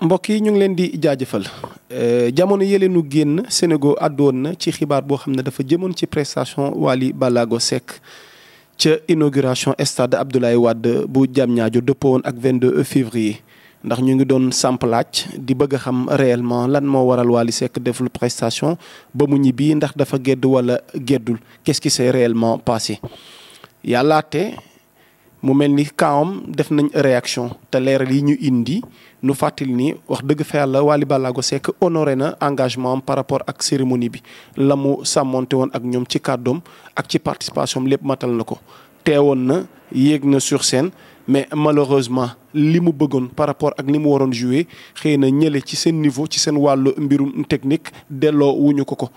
mbokk yi ñu ngi leen di jaajëfal eh, jamono yële nu génn Sénégal àddoon na ci xibaar boo xam ne dafa jëmoon ci prestation Wally Ballago Seck ca inauguration stade Abdoulaye Wade bu Diamniadio dëppoon ak 22 février ndax ñu ngi doon samp di bëgg xam réellement lan moo waral Wally Seck deful prestation ba mu ñibbi ndax dafa gedd wala geddul qu'est-ce qui s'est réellement passé yàllaate mu mel ni kaawam def nañ réaction te leeral yi ñu indi nu fàttali nii wax dëgg fa la Wally Ballago Seck honoré na engagement par rapport ak cérémonie bi la mu sàmmonte woon ak ñoom ci kàddoom ak ci participation lépp matal na ko teewoon na yéeg na sur scène mais malheureusement li mu bëggoon par rapport ak li mu waroon joué xëy na ñële ci seen niveau ci seen wàllu mbirum technique delloo wuñu ko ko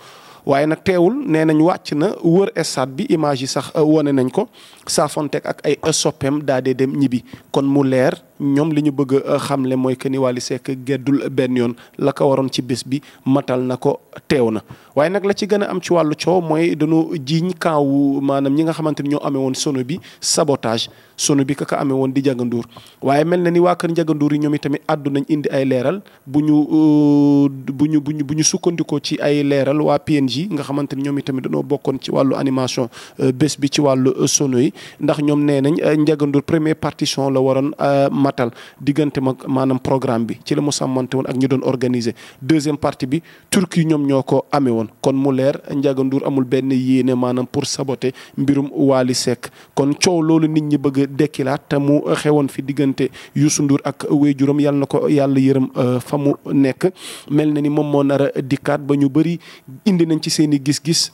waaye nag teewul nee nañ wàcc na wër stade bi image yi sax euh, wane nañ ko saafonteeg ak ay soppeem daa dee dem ñibbi kon mu leer. ñoom li ñu bëgg a euh, xamle mooy que ni Wally Seck geddul benn yoon la waroon ci bés bi matal na ko teew na waaye nag la ci gën a am ci wàllu coow mooy dañu jiiñ kaawu maanaam ñi nga xamante ni ñoo amee woon sono bi sabotage sono bi kaka amee woon di jaganduur waaye mel na ni waa kër yi ñoom itamit àddu nañ indi ay leeral bu ñu euh, bu ñu bu bu ñu sukkandikoo ci ay leeral waa PNG nga xamante ni ñoom itamit dañoo bokkoon ci wàllu animation euh, bés bi ci wàllu sono yi ndax ñoom nee nañ njaganduur première partition la waroon matal diggante ma maanaam programme bi ci la mu sàmmante woon ak ñu doon organiser deuxième partie bi Turquie ñoom ñoo ko amee woon kon mu leer Ndiaga Ndour amul benn yéene maanaam pour saboter mbirum waali Seck kon coow loolu nit ñi bëgg a dekkilaat te mu xewoon fi diggante Youssou nduur ak waajuram yal na ko yàlla yërëm euh, fa mu nekk mel na ni moom moo nar a dikkaat ba ñu bëri indi nañ ci seen i gis-gis.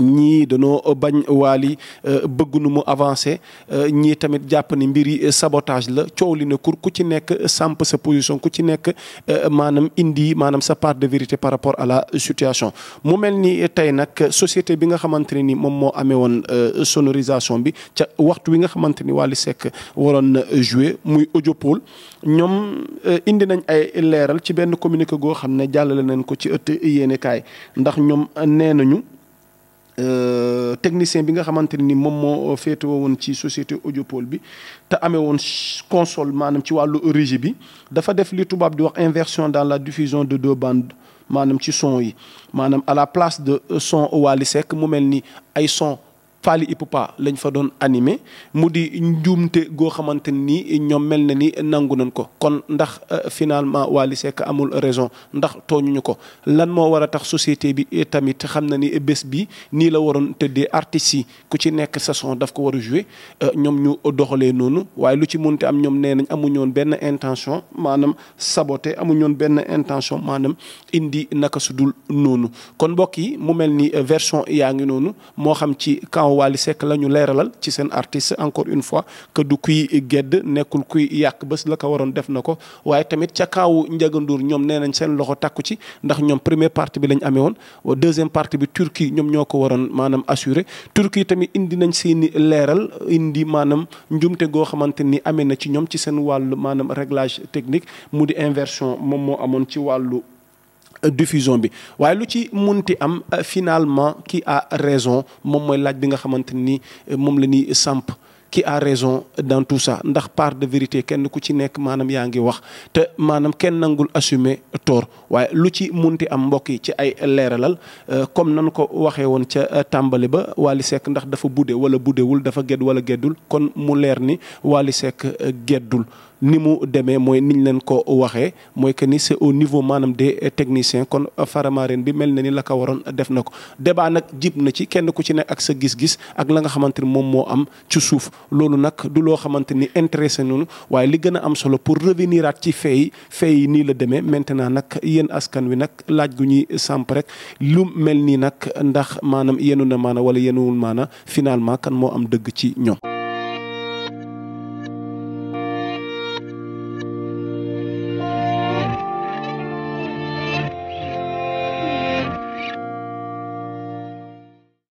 ñii danoo bañ waali euh, bëggunu mu avancé euh, ñii tamit jàpp ni mbir yi sabotage la coow li ne kur ku ci nekk samp sa position ku ci nekk euh, maanaam indi maanaam sa part de vérité par rapport à la situation mu mel ni tey nag société bi nga xamante ne ni moom moo amee woon sonorisation bi ca waxtu wi nga xamante ni Wally Seck waroon na muy Audiopole ñoom indi nañ ay leeral ci benn communiqué goo xam ne jàllale nañ ko ci ëtt yéenekaay ndax ñoom nee nañu Euh, technicien bi nga xamante ni moom moo euh, féetewoo woon ci société Audiopole bi te amee woon console maanaam ci wàllu régie bi dafa def li tubaab di wax inversion dans la diffusion de deux bandes maanaam ci son yi maanaam à la place de euh, son Wally Seck mu mel ni ay son faali Ipupa lañ fa doon animé mu di njuumte goo xamante nii ñoom mel na ni nangu nañ ko kon ndax euh, finalement waa Wally Seck amul raison ndax tooñuñu ko lan moo war a tax societé bi euh, tamit xam na ni bés bi nii la waroon tëddee artistes yi ku ci nekk sason daf ko war a joué euh, ñoom ñu doxalee noonu waaye lu ci mënti am ñoom nee nañ amuñoon benn intention maanaam saboté amuñoon benn intention maanaam indi naka su dul noonu kon mbokk yi mu mel ni version yaa ngi noonu ginnaaw Wally Seck la ñu leeralal ci seen artiste encore une fois que du kuy gedd nekkul kuy yàq bés la ko waroon def na ko waaye tamit ca kaawu Ndiaga ñoom nee nañ seen loxo takku ci ndax ñoom première partie bi lañ amee woon deuxième partie bi Turquie ñoom ñoo ko waroon maanaam assuré Turquie tamit indi nañ seeni leeral indi maanaam njumte goo xamante ni amee na ci ñoom ci seen wàll maanaam réglage technique mu di inversion moom moo amoon ci wàllu diffusion bi waaye lu ci munti am euh, finalement qui à raison moom mooy laaj bi nga xamante ni euh, moom la ñuy samp qui à raison dans tout ça ndax part de vérité kenn ku ci nekk maanaam yaa ngi wax te maanaam kenn nangul assumer tort waaye lu ci munti am mbokk yi ci ay leeralal euh, comme nanu ko waxee woon ca tàmbali ba Wally Seck ndax dafa budde wala buddewul dafa gedd wala geddul kon mu leer ni Wally Seck geddul ni mu demee mooy niñ leen ko waxee mooy que ni c'est au niveau maanaam de technicien kon Faramareen bi mel na ni la ko waroon def na ko débat nag jib na ci kenn ku ci ne ak sa gis-gis ak la nga xamante ni moom moo am ci suuf loolu nag du loo xamante ni intéressé noonu waaye li gën a am solo pour revenir aat ci fee yi nii la demee maintenant nag yéen askan wi nag laaj gu ñuy samp rek lu mel nii nag ndax maanaam yenn na maana wala yenuwul maana finalement kan moo am dëgg ci ñoom